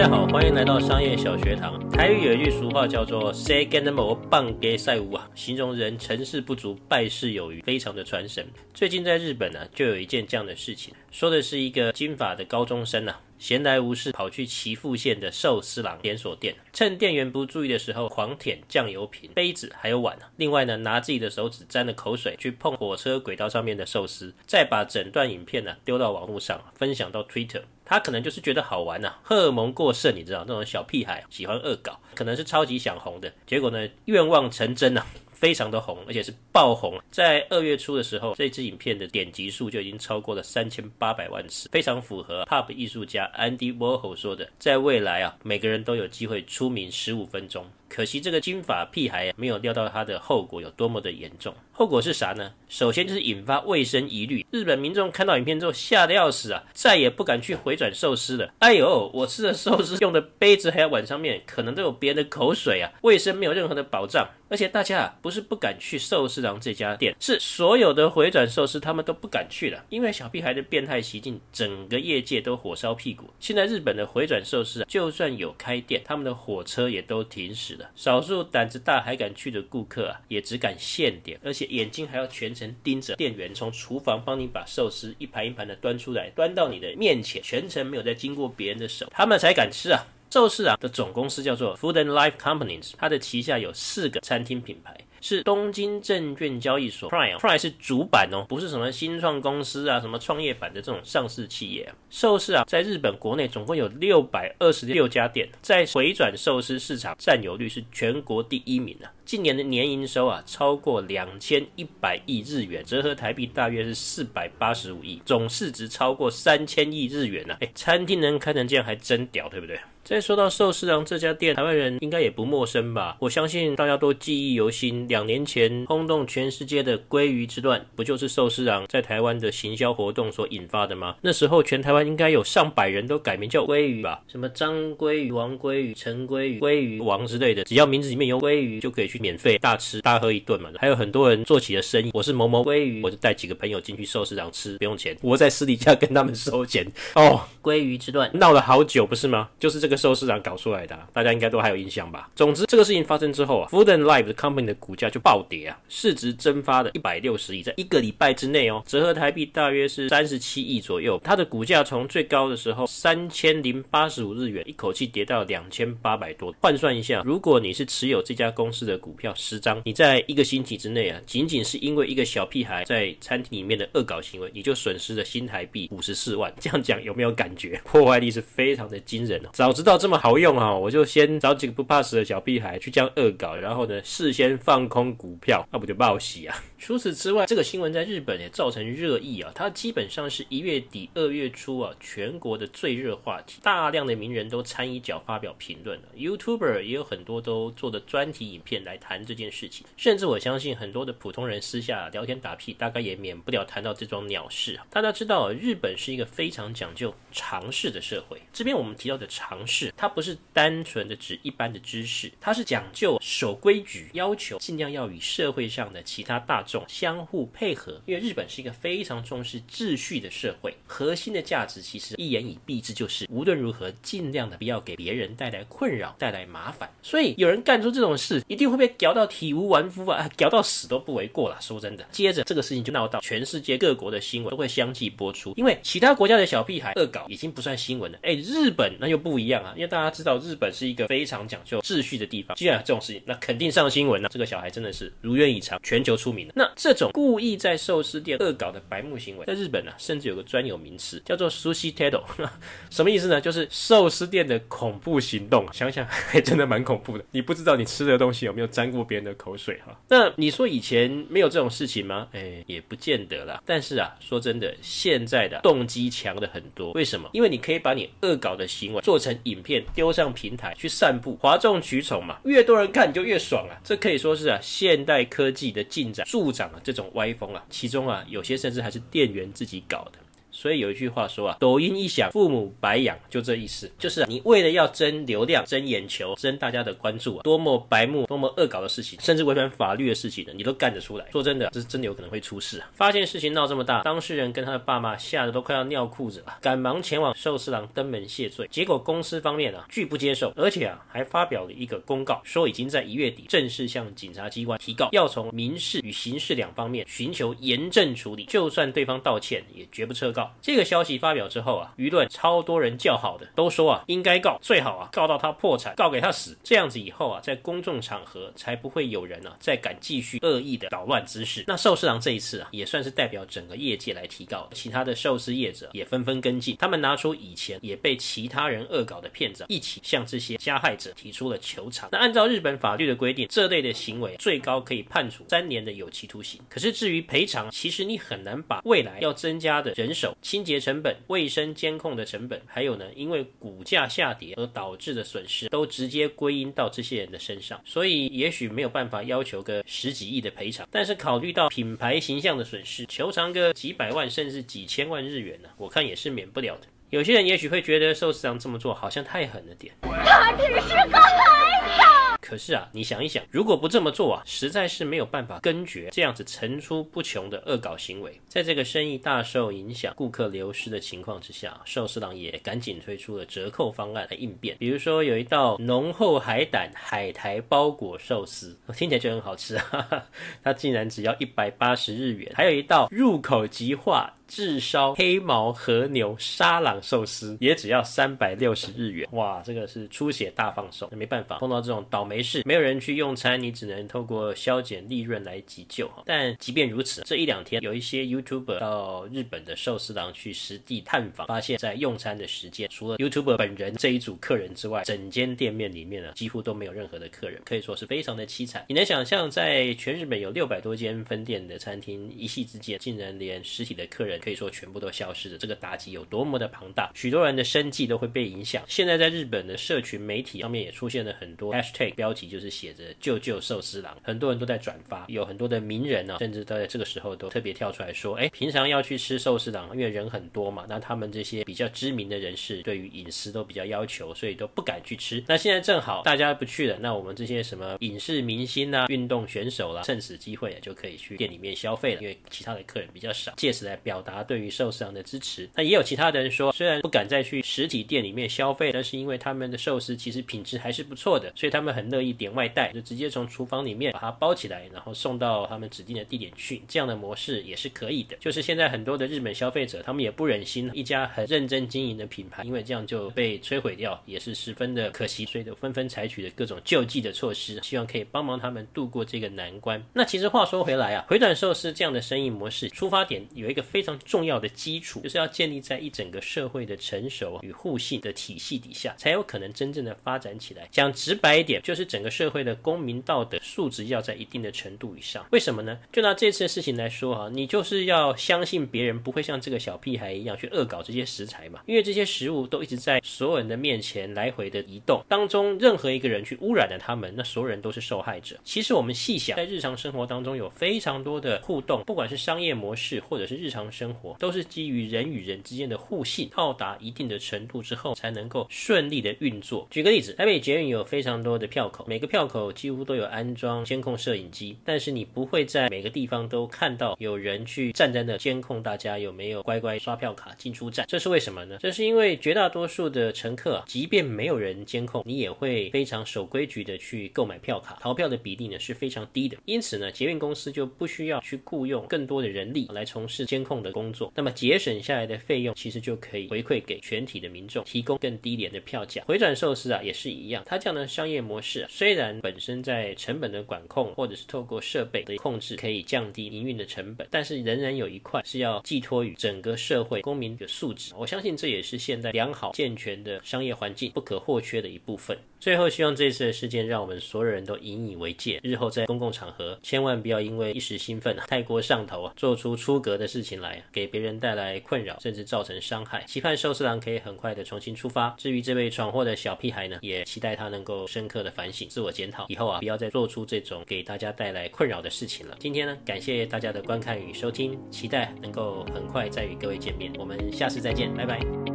大家好，歡迎來到商業小學堂。台語有一句俗話叫做“塞給的某，棒給塞烏啊”，形容人成事不足，敗事有餘，非常的傳神。最近在日本呢、啊，就有一件這樣的事情，說的是一個金髮的高中生、啊閒來無事，跑去岐阜縣的壽司郎連鎖店，趁店員不注意的時候，狂舔醬油瓶、杯子還有碗。另外呢，拿自己的手指沾了口水去碰火車軌道上面的壽司，再把整段影片呢、啊、丟到網絡上分享到 Twitter。他可能就是覺得好玩吶、啊，荷爾蒙過剩，你知道那種小屁孩、啊、喜歡惡搞，可能是超級想紅的結果呢，願望成真吶、啊。非常的紅，而且是爆紅。在二月初的時候，這支影片的點擊數就已經超過了三千八百萬次，非常符合 Pop 藝術家 Andy Warhol 說的，在未來啊，每個人都有機會出名十五分鐘。可惜這個金髮屁孩沒有料到他的後果有多麼的嚴重。後果是啥呢？首先就是引發衛生疑慮，日本民眾看到影片之後嚇得要死啊，再也不敢去迴轉壽司了。哎呦，我吃的壽司用的杯子還有碗上面可能都有別人的口水啊，衛生沒有任何的保障。而且大家啊不是不敢去壽司郎這家店，是所有的迴轉壽司他們都不敢去了，因為小屁孩的變態行徑，整個業界都火燒屁股。現在日本的迴轉壽司啊，就算有開店，他們的火車也都停駛了。少數膽子大還敢去的顧客啊，也只敢現點，而且。眼睛還要全程盯着店員從廚房幫你把壽司一盤一盤的端出來，端到你的面前，全程沒有再經過別人的手，他們才敢吃啊。壽司啊的總公司叫做 Food and Life Companies，它的旗下有四個餐廳品牌。是東京證券交易所，Prime Prime 是主板哦，不是什麼新創公司啊，什麼創業板的這種上市企業啊。壽司啊，在日本國內總共有六百二十六家店，在迴轉壽司市場佔有率是全國第一名啊。近年的年營收啊，超過兩千一百億日元，折合台幣大約是四百八十五億，總市值超過三千億日元啊。哎，餐廳能開成這樣還真屌，對不對？再說到壽司郎這家店，台灣人應該也不陌生吧？我相信大家都記憶猶新。兩年前轟動全世界的鮭魚之亂，不就是壽司郎在台灣的行銷活動所引發的嗎？那時候全台灣應該有上百人都改名叫鮭魚吧？什麼張鮭魚、王鮭魚、陳鮭魚、鮭魚王之類的，只要名字裡面有鮭魚，就可以去免費大吃大喝一頓嘛。還有很多人做起了生意，我是某某鮭魚，我就帶幾個朋友進去壽司郎吃，不用錢，我在私底下跟他們收錢。哦，鮭魚之亂鬧了好久，不是嗎？就是這個。受市場搞出來的、啊，大家應該都還有印象吧？總之，這個事情發生之後啊，Food and Life Company 的股價就暴跌啊，市值蒸發了一百六十億，在一個禮拜之內哦，折合台幣大約是三十七億左右。它的股價從最高的時候三千零八十五日元，一口氣跌到兩千八百多。換算一下，如果你是持有這家公司的股票十張，你在一個星期之內啊，僅僅是因為一個小屁孩在餐廳裡面的惡搞行為，你就損失了新台幣五十四萬。這樣講有沒有感覺？破壞力是非常的驚人哦。早知道。知道這麼好用啊，我就先找幾個不怕死的小屁孩去這樣惡搞，然後呢，事先放空股票，那、啊、不就報喜啊？除此之外，這個新聞在日本也造成熱議啊！它基本上是一月底二月初啊，全國的最熱話題，大量的名人都參一腳發表評論了。YouTuber 也有很多都做了專題影片來談這件事情，甚至我相信很多的普通人私下聊天打屁，大概也免不了談到這樁鳥事。大家知道日本是一個非常講究常識的社會。這邊我們提到的常識，它不是單純的指一般的知識，它是講究守規矩，要求盡量要與社會上的其他大種相互配合，因為日本是一個非常重視秩序的社會，核心的價值其實一言以蔽之，就是無論如何儘量的不要給別人帶來困擾、帶來麻煩。所以有人幹出這種事，一定會被咬到體無完膚啊，呃，咬到死都不為過啦。說真的，接着這個事情就鬧到全世界各國的新聞都會相繼播出，因為其他國家的小屁孩惡搞已經不算新聞了。哎，日本那就不一樣啊，因為大家知道日本是一個非常講究秩序的地方，既然這種事情，那肯定上新聞了啊。這個小孩真的是如願以償，全球出名了。那這種故意在壽司店惡搞的白目行為，在日本呢、啊，甚至有個專有名詞，叫做 sushi tero， 什麼意思呢？就是壽司店的恐怖行動。想想還、哎、真的蠻恐怖的。你不知道你吃的東西有沒有沾過別人的口水哈？那你說以前沒有這種事情嗎？哎，也不見得啦。但是啊，說真的，現在的動機強的很多。為什麼？因為你可以把你惡搞的行為做成影片，丟上平台去散布，譁眾取寵嘛。越多人看你就越爽啊。這可以說是啊，現代科技的進展部長啊，這種歪風啊，其中啊，有些甚至還是店員自己搞的。所以有一句話說啊，抖音一響，父母白養，就這意思。就是啊，你為了要爭流量、爭眼球、爭大家的關注啊，多麼白目、多麼惡搞的事情，甚至違反法律的事情呢，你都幹得出來。說真的啊，這是真的有可能會出事啊。發現事情鬧這麼大，當事人跟他的爸媽嚇得都快要尿褲子了，趕忙前往壽司郎登門謝罪。結果公司方面呢，啊，拒不接受，而且啊，還發表了一個公告，說已經在一月底正式向警察機關提告，要從民事與刑事兩方面尋求嚴正處理。就算對方道歉，也絕不撤告。這個消息發表之後啊，輿論超多人叫好的，都說啊，應該告，最好啊告到他破產，告給他死，這樣子以後啊，在公眾場合才不會有人呢、啊、再敢繼續惡意的搗亂滋事。那壽司郎這一次啊，也算是代表整個業界來提告，其他的壽司業者也紛紛跟進，他們拿出以前也被其他人惡搞的片子、啊，一起向這些加害者提出了求償。那按照日本法律的規定，這類的行為最高可以判處三年的有期徒刑。可是至於賠償，其實你很難把未來要增加的人手、清潔成本、衛生監控的成本，還有呢，因為股價下跌而導致的損失，都直接歸因到這些人的身上，所以也許沒有辦法要求個十幾億的賠償，但是考慮到品牌形象的損失，求償個幾百萬甚至幾千萬日元呢，我看也是免不了的。有些人也許會覺得壽司郎這麼做好像太狠了點，他只是個孩子。可是啊，你想一想，如果不這麼做啊，實在是沒有辦法根絕這樣子層出不窮的惡搞行為。在這個生意大受影響、顧客流失的情況之下，壽司郎也趕緊推出了折扣方案來應變。比如說，有一道濃厚海膽海苔包裹壽司，我聽起來就很好吃啊，哈哈，它竟然只要一百八十日元。還有一道入口即化。炙燒黑毛和牛沙朗壽司也只要三百六十日元，哇，這個是出血大放送，那沒辦法，碰到這種倒霉事，沒有人去用餐，你只能透過削減利潤來急救。但即便如此，這一兩天有一些 YouTuber 到日本的壽司郎去實地探訪，發現，在用餐的時間，除了 YouTuber 本人這一組客人之外，整間店面裡面呢、啊，幾乎都沒有任何的客人，可以說是非常的淒慘。你能想象，在全日本有六百多間分店的餐廳，一夕之間竟然連實體的客人，可以說全部都消失了。這個打擊有多麼的龐大，許多人的生計都會被影響。現在在日本的社群媒體上面也出現了很多 hashtag 標題，就是寫着“救救壽司郎”，很多人都在轉發。有很多的名人呢，甚至都在這個時候都特別跳出來說：“哎，平常要去吃壽司郎，因為人很多嘛。那他們這些比較知名的人士，對於隱私都比較要求，所以都不敢去吃。那現在正好大家不去了，那我們這些什麼影視明星啊、運動選手啦、啊，趁此機會、啊、就可以去店裡面消費了，因為其他的客人比較少，借此來表答、啊、對於壽司上的支持，那也有其他的人說，雖然不敢再去實體店裡面消費，但是因為他們的壽司其實品質還是不錯的，所以他們很樂意點外帶，就直接從廚房裡面把它包起來，然後送到他們指定的地點去，這樣的模式也是可以的。就是現在很多的日本消費者，他們也不忍心一家很認真經營的品牌，因為這樣就被摧毀掉，也是十分的可惜，所以就紛紛採取了各種救濟的措施，希望可以幫忙他們度過這個難關。那其實話說回來啊，迴轉壽司這樣的生意模式出發點有一個非常。重要的基礎就是要建立在一整個社會的成熟與互信的體系底下，才有可能真正的發展起來。講直白一點，就是整個社會的公民道德素質要在一定的程度以上。為什麼呢？就拿這次的事情來說哈、啊，你就是要相信別人不會像這個小屁孩一樣去惡搞這些食材嘛，因為這些食物都一直在所有人的面前來回的移動當中，任何一個人去污染了他們，那所有人都是受害者。其實我們細想，在日常生活當中有非常多的互動，不管是商業模式或者是日常生。生活都是基於人與人之間的互信，到達一定的程度之後才能夠順利的運作。舉個例子，台北捷運有非常多的票口，每個票口幾乎都有安裝監控攝影機，但是你不會在每個地方都看到有人去站在那監控大家有沒有乖乖刷票卡進出站，這是為什麼呢？這是因為絕大多數的乘客啊，即便沒有人監控，你也會非常守規矩的去購買票卡，逃票的比例呢是非常低的，因此呢，捷運公司就不需要去僱傭更多的人力來從事監控的。工作，那麼節省下來的費用其實就可以回饋給全體的民眾，提供更低廉的票價。回轉壽司啊，也是一樣。它這樣的商業模式啊，雖然本身在成本的管控，或者是透過設備的控制，可以降低營運的成本，但是仍然有一塊是要寄托於整個社會公民的素質。我相信這也是現在良好健全的商業環境不可或缺的一部分。最後，希望這次的事件讓我們所有人都引以為戒，日後在公共場合千萬不要因為一時興奮啊，太過上頭啊，做出出格的事情來。給別人帶來困擾，甚至造成傷害。期盼壽司郎可以很快的重新出發。至於這位闖禍的小屁孩呢，也期待他能夠深刻的反省、自我檢討，以後啊不要再做出這種給大家帶來困擾的事情了。今天呢，感謝大家的觀看與收聽，期待能夠很快再與各位見面。我們下次再見，拜拜。